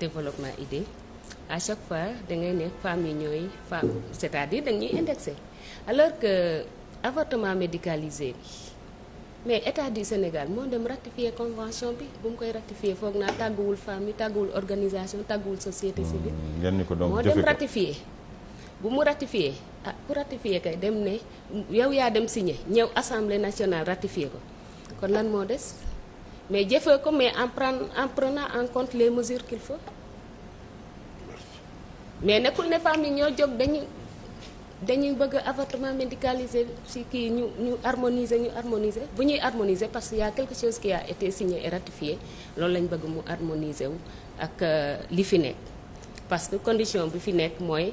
développement idée à chaque fois da ngay ne femmes yi ñooy femme c'est-à-dire dañuy indexé alors que avortement médicalisé bi mais état di Sénégal moo dem ratifier convention bi bu mu koy ratifier foog naa tàgguwul femmes yi tàgguwul organisation tàgguwul société hmm, civile. moo dem ratifier bu mu ratifie ah ku ratifier kay dem ne yow yaa dem signé ñëw assemblée nationale ratifier ko kon lan moo des. mais jëfee ko mais en pren en prenant en compte les mesures qu'il faut mais nekkul ne femmes yi ñoo jog dañu dañuy bëgg avortement médicalisé si kii ñu ñu harmoniser ñu harmoniser bu ñuy harmoniser parce que y a quelque chose qui a été signé et ratifié loolu lañ bëgg mu harmoniser wu ak euh, li fi nekk parce que condition bi fi nekk mooy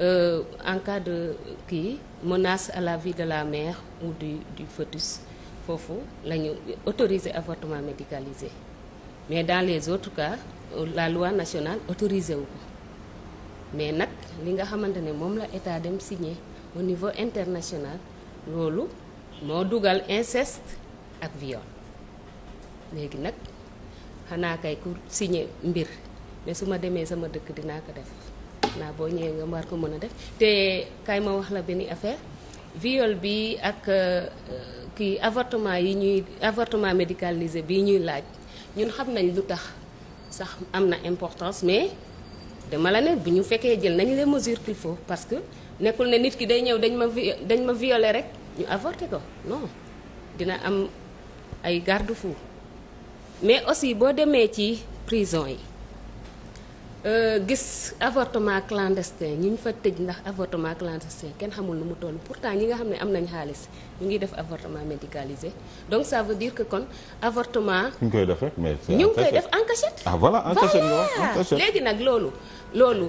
euh, en cas de kii menace à la vie de la mère ou du du fœtus foofu la ñu autorisé avortement médicalisé mais dans les autres la loi nationale autorisé wu ko mais nag li nga xamante ne moom la état dem signé au niveau international loolu moo dugal inceste ak viol léegi nag xanaa kay ku signé mbir mais su ma demee sama dëkk dinaa ko def naa boo ñëwee nga war ko mën a def te kay ma wax la benn affaire. viole bi ak euh, kii avortement yi ñuy avortement médicalisé bii ñuy laaj ñun xam nañ lu tax sax am na importance mais dama la ne bu ñu fekkee jël nañ leen mesures qu'il faut parce que nekkul ne nit ki day ñëw dañ ma dañ ma violer rek ñu avorté ko non dina am ay garde-fou mais aussi boo demee ci prison yi Euh, gis avortement clandestin ñi ngi fa tëj ndax avortement clandestin kenn xamul nu mu toll pourtant ñi nga xam ne am nañ xaalis ñu ngi def avortement médicalisé donc ça veut dire que kon avortement. ñu ngi koy def mais ñu ngi koy def en cachette. ah voilà en léegi nag loolu loolu.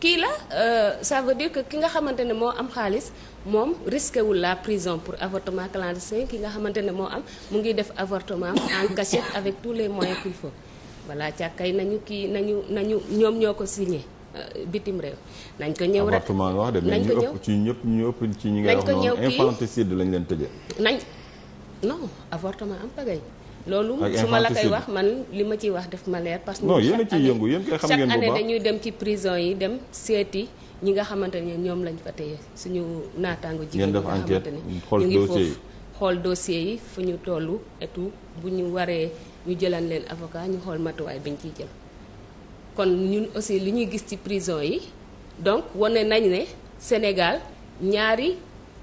kii la euh, ça veut dire que ki nga xamante ne moo am xaalis moom risqué wul la prison pour avortement clandestin ki nga xamante ne moo am mu ngi def avortement en cachette avec tous les moyens qu'il balaa kay nañu kii nañu nañu ñoom ñoo ko signé euh, bitim réew nañ ko ñëw rek nañ ko ñëw ci ñëpp ñu ëpp ci ñi nga wax noonu infanticide lañ leen tëjee nañ non avortement am pagaille loolu su ma la koy wax man li ma ciy wax def ma leer parce que non yéen a yëngu yéen koy xam ngeen bu baax chaque dañuy dem ci prison yi dem seeti ñi nga xamante ne ñoom lañ fa téye suñu naataango jigéen ñi nga xamante ne ñu ngi foofu xool dossier yi fu ñu toll et tout bu ñu waree ñu jëlan leen avocat ñu xool matuwaay bi ñu ciy jël kon ñun aussi li ñuy gis ci prison yi donc wane nañ ne Sénégal ñaari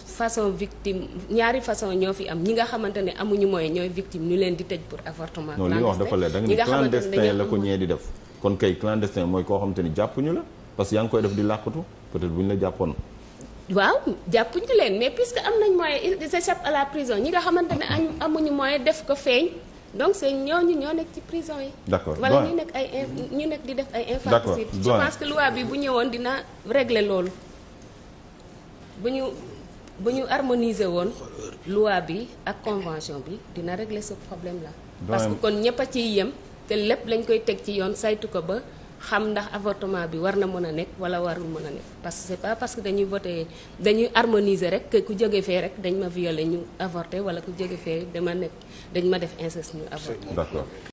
façon victime ñaari façon ñoo fi am ñi nga xamante ne amuñu mooy ñooy victime ñu leen di tëj pour avortement la ko ñee di def kon kay clandestin mooy koo xamante ni jàppuñu la parce que yaa ngi koy def di làqatu peut-être bu ñu la jàppoon waaw jàppuñu leen mais que am nañ moyen ils échappent à la prison ñi nga xamante ne amuñu moyen def ko feeñ donc c'est ñi ñoo nekk ci prison yi. d'accord wala ñu nekk ay ñu nekk di def ay infanticide je pense que loi bi bu ñëwoon dina régler loolu bu ñu bu ñu harmoniser woon loi yi ak convention bi dina réglé ce problème la parce que kon ñëpp a ciy yem te lépp lañ koy teg ci yoon saytu ko ba xam ndax avortement bi war na mën a nekk wala warul mën a nekk parce que c'est pas parce que dañuy voté dañuy harmoniser rek que ku jóge fee rek dañ ma violer ñu avorté wala ku jóge fee dama nekk dañ ma def inceste ñu avorté d'accord